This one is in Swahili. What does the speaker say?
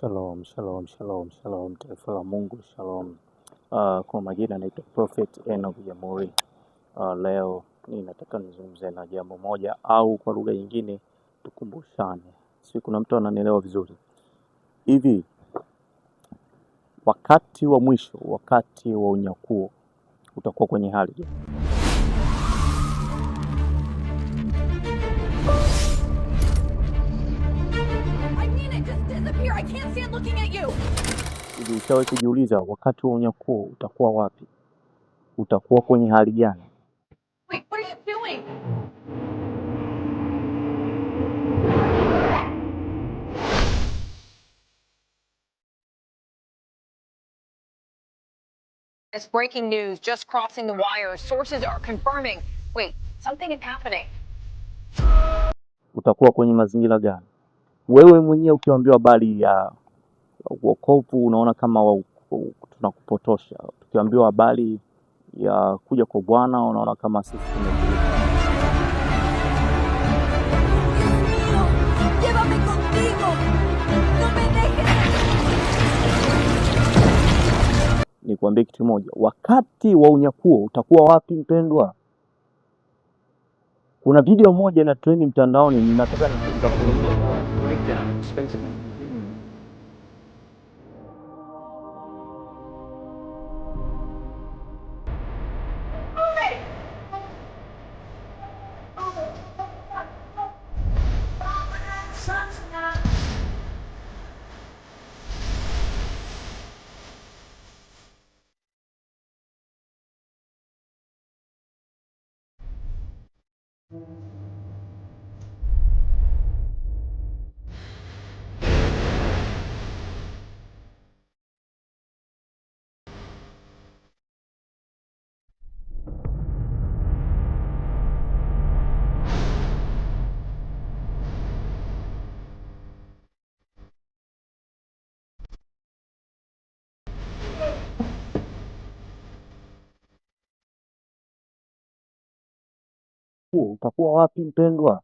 Shalom, shalom, shalom, shalom, taifa la Mungu, shalom. Uh, kwa majina anaitwa Prophet Enoch Jamhuri. Uh, leo ninataka nizungumze na jambo moja au kwa lugha nyingine tukumbushane, si kuna mtu ananielewa vizuri hivi. Wakati wa mwisho, wakati wa unyakuo utakuwa kwenye hali I can't stand looking at you. Hivi ushawahi kujiuliza wakati wa unyakuo utakuwa wapi? Utakuwa kwenye hali gani? It's breaking news just crossing the wire. Sources are confirming. Wait, something is happening. Utakuwa kwenye mazingira gani? Wewe mwenyewe ukiambiwa habari ya wokovu unaona kama tunakupotosha. Tukiambiwa habari ya kuja kwa Bwana unaona kama sisi tume Nikuambie kitu moja, wakati wa unyakuo utakuwa wapi mpendwa? Kuna video moja na trend mtandaoni, ninataka nitafute. Thank you. huo utakuwa wapi mpendwa